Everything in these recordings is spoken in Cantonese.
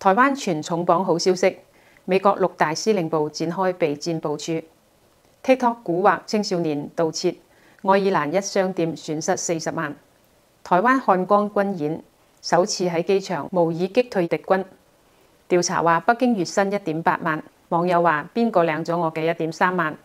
台灣傳重磅好消息，美國六大司令部展開備戰部署。TikTok 蠱惑青少年盜竊，愛爾蘭一商店損失四十萬。台灣漢光軍演首次喺機場模擬擊退敵軍。調查話北京月薪一點八萬，網友話邊個領咗我嘅一點三萬？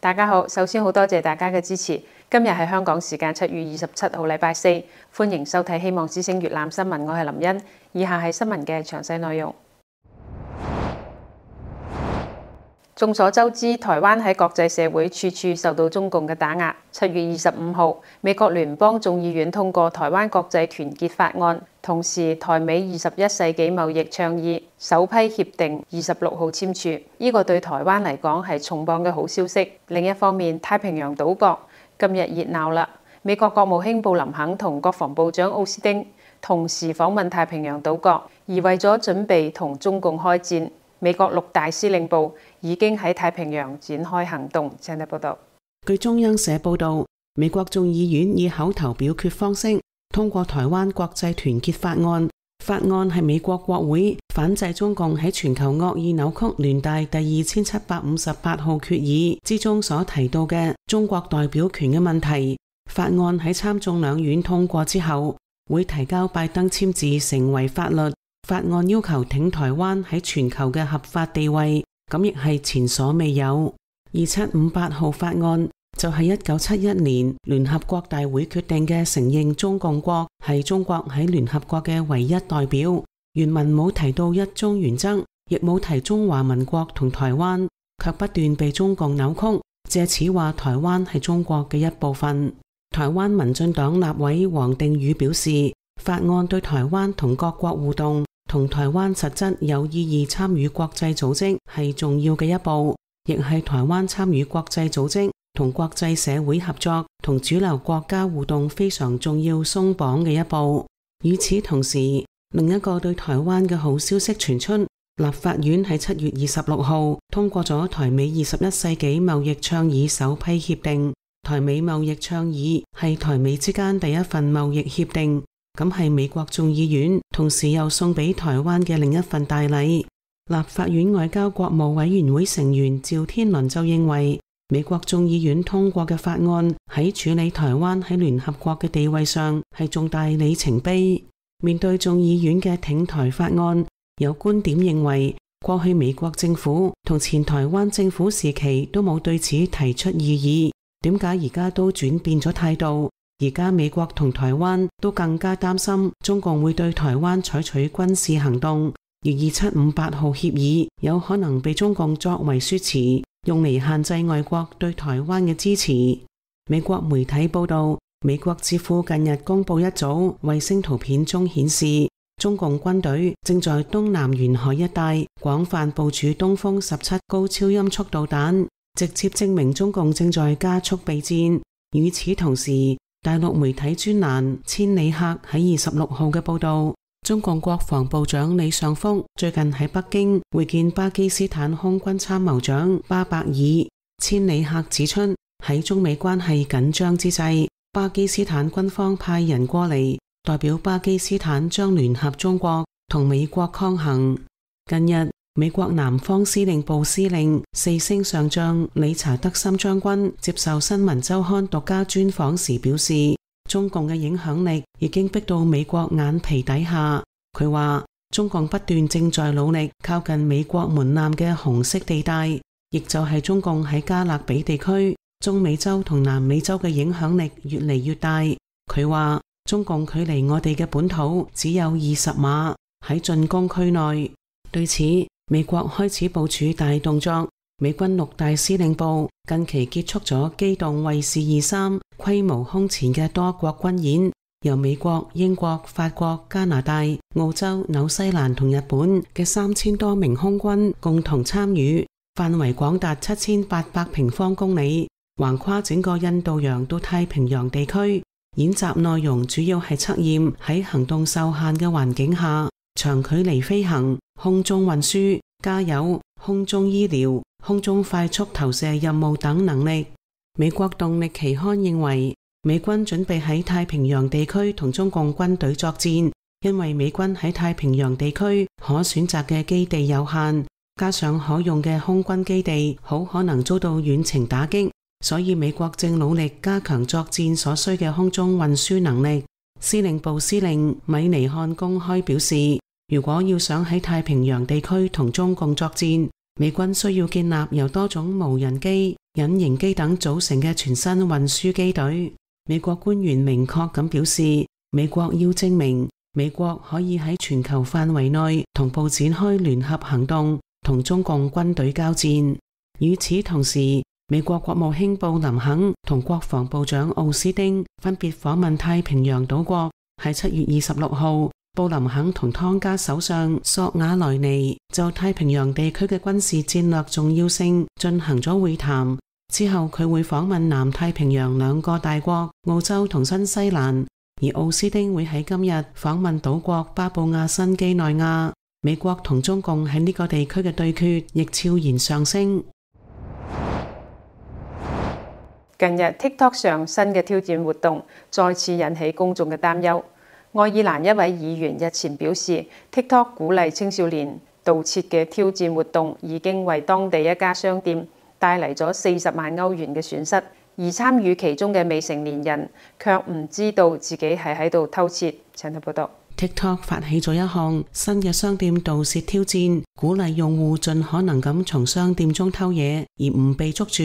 大家好，首先好多謝大家嘅支持。今日係香港時間七月二十七號，禮拜四，歡迎收睇《希望之聲》粵語新聞，我係林茵。以下係新聞嘅詳細內容。眾 所周知，台灣喺國際社會處處受到中共嘅打壓。七月二十五號，美國聯邦眾議院通過台灣國際團結法案，同時台美二十一世紀貿易倡議首批協定二十六號簽署，呢個對台灣嚟講係重磅嘅好消息。另一方面，太平洋島國。今日熱鬧啦！美國國務卿布林肯同國防部長奧斯汀同時訪問太平洋島國，而為咗準備同中共開戰，美國六大司令部已經喺太平洋展開行動。請你報道。據中央社報道，美國眾議院以口頭表決方式通過台灣國際團結法案。法案係美國國會反制中共喺全球惡意扭曲聯大第二千七百五十八號決議之中所提到嘅中國代表權嘅問題。法案喺參眾兩院通過之後，會提交拜登簽字成為法律。法案要求挺台灣喺全球嘅合法地位，咁亦係前所未有。二七五八號法案。就係一九七一年聯合國大會決定嘅承認，中共國係中國喺聯合國嘅唯一代表。原文冇提到一中原則，亦冇提中華民國同台灣，卻不斷被中共扭曲，借此話台灣係中國嘅一部分。台灣民進黨立委王定宇表示，法案對台灣同各國互動，同台灣實質有意義參與國際組織係重要嘅一步，亦係台灣參與國際組織，同國際社會合作、同主流國家互動非常重要，鬆綁嘅一步。與此同時，另一個對台灣嘅好消息傳出，立法院喺七月二十六號通過咗台美二十一世紀貿易倡議首批協定。台美貿易倡議係台美之間第一份貿易協定，咁係美國眾議院同時又送俾台灣嘅另一份大禮。立法院外交國務委員會成員趙天麟就認為。美國眾議院通過嘅法案，喺處理台灣喺聯合國嘅地位上係重大里程碑。面對眾議院嘅挺台法案，有觀點認為，過去美國政府同前台灣政府時期都冇對此提出異議，點解而家都轉變咗態度？而家美國同台灣都更加擔心中共會對台灣採取軍事行動，而二七五八號協議有可能被中共作為說辭。用嚟限制外國對台灣嘅支持。美國媒體報道，美國智庫近日公布一組衛星圖片中，中顯示中共軍隊正在東南沿海一帶廣泛部署東風十七高超音速導彈，直接證明中共正在加速備戰。與此同時，大陸媒體專欄千里客喺二十六號嘅報道。中共國防部長李尚福最近喺北京會見巴基斯坦空軍參謀長巴伯爾。千里客指出，喺中美關係緊張之際，巴基斯坦軍方派人過嚟，代表巴基斯坦將聯合中國同美國抗衡。近日，美國南方司令部司令四星上將理查德森將軍接受《新聞周刊》獨家專訪時表示。中共嘅影響力已經逼到美國眼皮底下。佢話中共不斷正在努力靠近美國門檻嘅紅色地帶，亦就係中共喺加勒比地區、中美洲同南美洲嘅影響力越嚟越大。佢話中共距離我哋嘅本土只有二十碼，喺進攻區內。對此，美國開始部署大動作，美軍六大司令部近期結束咗機動衛士二三。規模空前嘅多國軍演，由美國、英國、法國、加拿大、澳洲、紐西蘭同日本嘅三千多名空軍共同參與，範圍廣達七千八百平方公里，橫跨整個印度洋到太平洋地區。演習內容主要係測驗喺行動受限嘅環境下，長距離飛行、空中運輸、加油、空中醫療、空中快速投射任務等能力。美國動力期刊認為，美軍準備喺太平洋地區同中共軍隊作戰，因為美軍喺太平洋地區可選擇嘅基地有限，加上可用嘅空軍基地好可能遭到遠程打擊，所以美國正努力加強作戰所需嘅空中運輸能力。司令部司令米尼漢公開表示，如果要想喺太平洋地區同中共作戰，美軍需要建立由多種無人機。隱形機等組成嘅全新運輸機隊，美國官員明確咁表示，美國要證明美國可以喺全球範圍內同步展開聯合行動，同中共軍隊交戰。與此同時，美國國務卿布林肯同國防部長奧斯汀分別訪問太平洋島國，喺七月二十六號。布林肯同湯加首相索瓦萊尼就太平洋地區嘅軍事戰略重要性進行咗會談，之後佢會訪問南太平洋兩個大國澳洲同新西蘭，而奧斯汀會喺今日訪問島國巴布亞新幾內亞。美國同中共喺呢個地區嘅對決亦悄然上升。近日 TikTok 上新嘅挑戰活動再次引起公眾嘅擔憂。愛爾蘭一位議員日前表示，TikTok 鼓勵青少年盜竊嘅挑戰活動已經為當地一家商店帶嚟咗四十萬歐元嘅損失，而參與其中嘅未成年人卻唔知道自己係喺度偷竊。請佢報道，TikTok 發起咗一項新嘅商店盜竊挑戰，鼓勵用戶盡可能咁從商店中偷嘢而唔被捉住，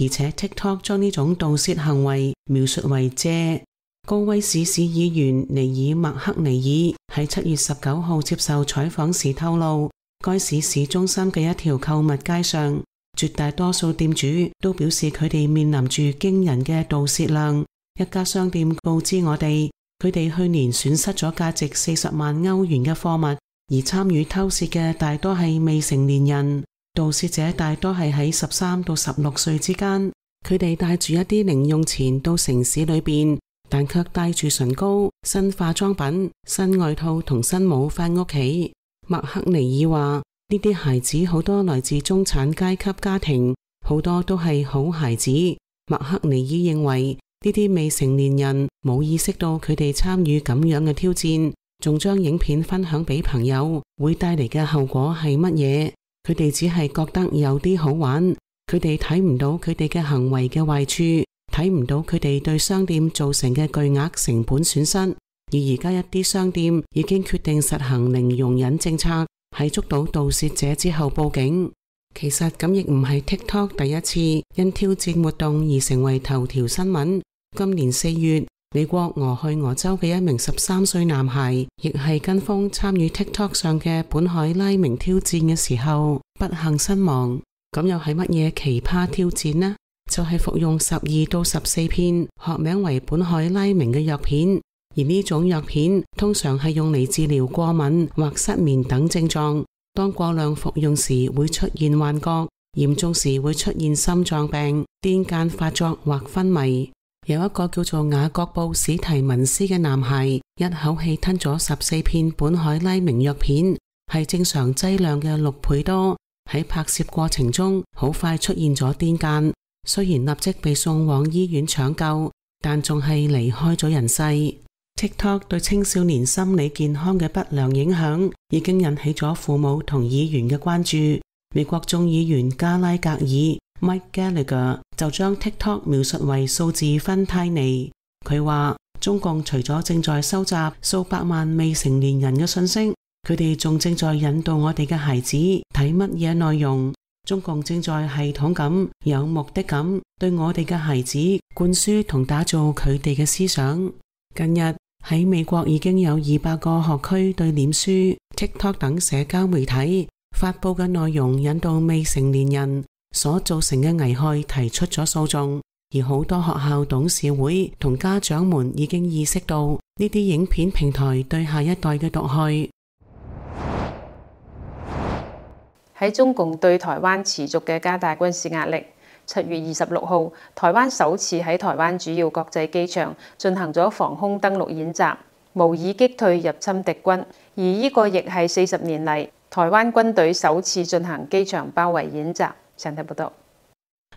而且 TikTok 將呢種盜竊行為描述為借。高威市市議員尼爾麥克尼爾喺七月十九號接受採訪時透露，該市市中心嘅一條購物街上，絕大多數店主都表示佢哋面臨住驚人嘅盜竊量。一家商店告知我哋，佢哋去年損失咗價值四十萬歐元嘅貨物，而參與偷竊嘅大多係未成年人。盜竊者大多係喺十三到十六歲之間，佢哋帶住一啲零用錢到城市裏邊。但卻帶住唇膏、新化妝品、新外套同新帽返屋企。麥克尼爾話：呢啲孩子好多來自中產階級家庭，好多都係好孩子。麥克尼爾認為呢啲未成年人冇意識到佢哋參與咁樣嘅挑戰，仲將影片分享俾朋友，會帶嚟嘅後果係乜嘢？佢哋只係覺得有啲好玩，佢哋睇唔到佢哋嘅行為嘅壞處。睇唔到佢哋對商店造成嘅巨額成本損失，而而家一啲商店已經決定實行零容忍政策，喺捉到盜竊者之後報警。其實咁亦唔係 TikTok 第一次因挑戰活動而成為頭條新聞。今年四月，美國俄亥俄州嘅一名十三歲男孩，亦係跟風參與 TikTok 上嘅苯海拉明挑戰嘅時候不幸身亡。咁又係乜嘢奇葩挑戰呢？就係服用十二到十四片學名為苯海拉明嘅藥片，而呢種藥片通常係用嚟治療過敏或失眠等症狀。當過量服用時會出現幻覺，嚴重時會出現心臟病、癲癇發作或昏迷。有一個叫做雅各布史提文斯嘅男孩，一口氣吞咗十四片苯海拉明藥片，係正常劑量嘅六倍多。喺拍攝過程中，好快出現咗癲癇。雖然立即被送往醫院搶救，但仲係離開咗人世。TikTok 對青少年心理健康嘅不良影響已經引起咗父母同議員嘅關注。美國眾議員加拉格爾 （Mike Gallagher） 就將 TikTok 描述為數字芬太尼。佢話：中共除咗正在收集數百萬未成年人嘅信息，佢哋仲正在引導我哋嘅孩子睇乜嘢內容。中共正在系統咁、有目的咁對我哋嘅孩子灌輸同打造佢哋嘅思想。近日喺美國已經有二百個學區對臉書、TikTok 等社交媒體發佈嘅內容引導未成年人所造成嘅危害提出咗訴訟，而好多學校董事會同家長們已經意識到呢啲影片平台對下一代嘅毒害。喺中共對台灣持續嘅加大軍事壓力，七月二十六號，台灣首次喺台灣主要國際機場進行咗防空登陸演習，模擬擊退入侵敵軍。而呢個亦係四十年嚟台灣軍隊首次進行機場包圍演習。上德報道，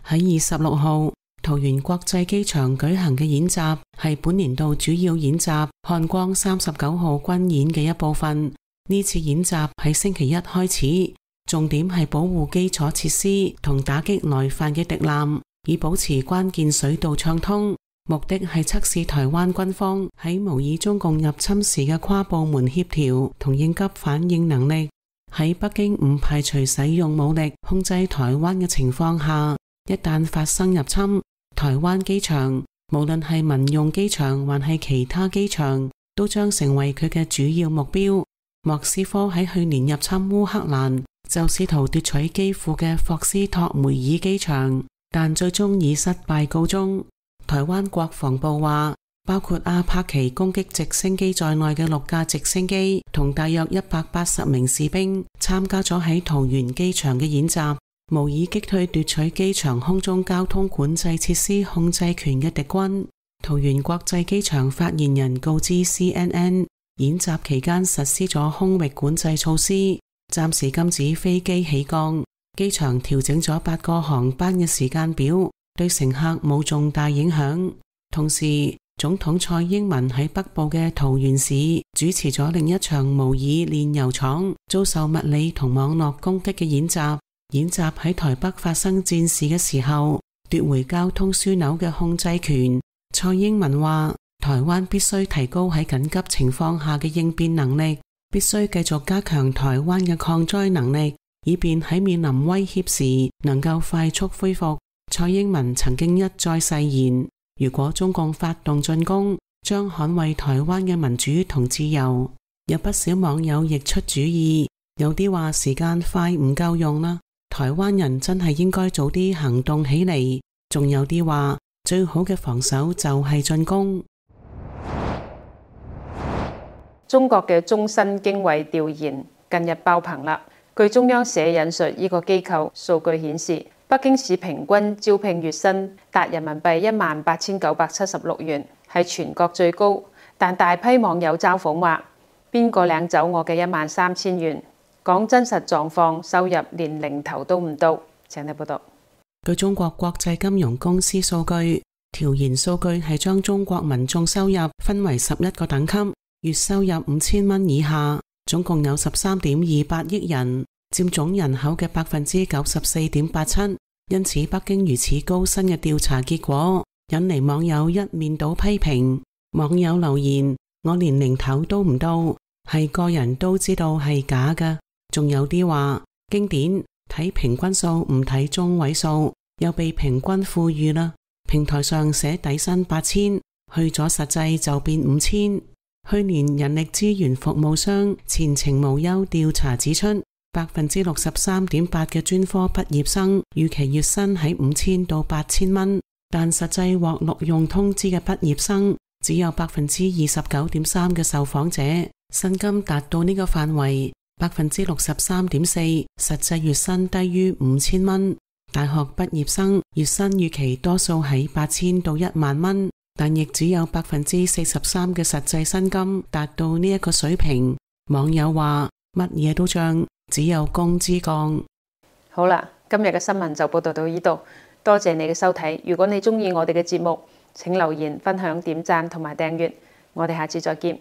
喺二十六號桃園國際機場舉行嘅演習係本年度主要演習漢光三十九號軍演嘅一部分。呢次演習喺星期一開始。重點係保護基礎設施同打擊來犯嘅敵艦，以保持關鍵水道暢通。目的係測試台灣軍方喺模擬中共入侵時嘅跨部門協調同應急反應能力。喺北京唔排除使用武力控制台灣嘅情況下，一旦發生入侵，台灣機場，無論係民用機場還係其他機場，都將成為佢嘅主要目標。莫斯科喺去年入侵烏克蘭。就試圖奪取基輔嘅霍斯托梅爾機場，但最終以失敗告終。台灣國防部話，包括阿帕奇攻擊直升機在內嘅六架直升機同大約一百八十名士兵參加咗喺桃園機場嘅演習，模擬擊退奪取機場空中交通管制設施控制權嘅敵軍。桃園國際機場發言人告知 CNN，演習期間實施咗空域管制措施。暫時禁止飛機起降，機場調整咗八個航班嘅時間表，對乘客冇重大影響。同時，總統蔡英文喺北部嘅桃園市主持咗另一場模擬煉油廠遭受物理同網絡攻擊嘅演習。演習喺台北發生戰事嘅時候，奪回交通樞紐嘅控制權。蔡英文話：台灣必須提高喺緊急情況下嘅應變能力。必須繼續加強台灣嘅抗災能力，以便喺面臨威脅時能夠快速恢復。蔡英文曾經一再誓言，如果中共發動進攻，將捍衛台灣嘅民主同自由。有不少網友亦出主意，有啲話時間快唔夠用啦，台灣人真係應該早啲行動起嚟。仲有啲話最好嘅防守就係進攻。中國嘅中新經緯調研近日爆棚啦！據中央社引述，呢個機構數據顯示，北京市平均招聘月薪達人民幣一萬八千九百七十六元，係全國最高。但大批網友嘲諷話：邊個領走我嘅一萬三千元？講真實狀況，收入連零頭都唔到。請你報道。據中國國際金融公司數據，調研數據係將中國民眾收入分為十一個等級。月收入五千蚊以下，總共有十三點二八億人，占總人口嘅百分之九十四點八七。因此，北京如此高薪嘅調查結果，引嚟網友一面倒批評。網友留言：我連零頭都唔到，係個人都知道係假嘅。仲有啲話經典，睇平均數唔睇中位數，又被平均富裕啦。平台上寫底薪八千，去咗實際就變五千。去年人力資源服務商前程無憂調查指出，百分之六十三點八嘅專科畢業生預期月薪喺五千到八千蚊，但實際獲錄用通知嘅畢業生只有百分之二十九點三嘅受訪者薪金達到呢個範圍，百分之六十三點四實際月薪低於五千蚊。大學畢業生月薪預期多數喺八千到一萬蚊。但亦只有百分之四十三嘅實際薪金達到呢一個水平。網友話：乜嘢都漲，只有工資降。好啦，今日嘅新聞就報道到呢度，多謝你嘅收睇。如果你中意我哋嘅節目，請留言、分享、點讚同埋訂閱。我哋下次再見。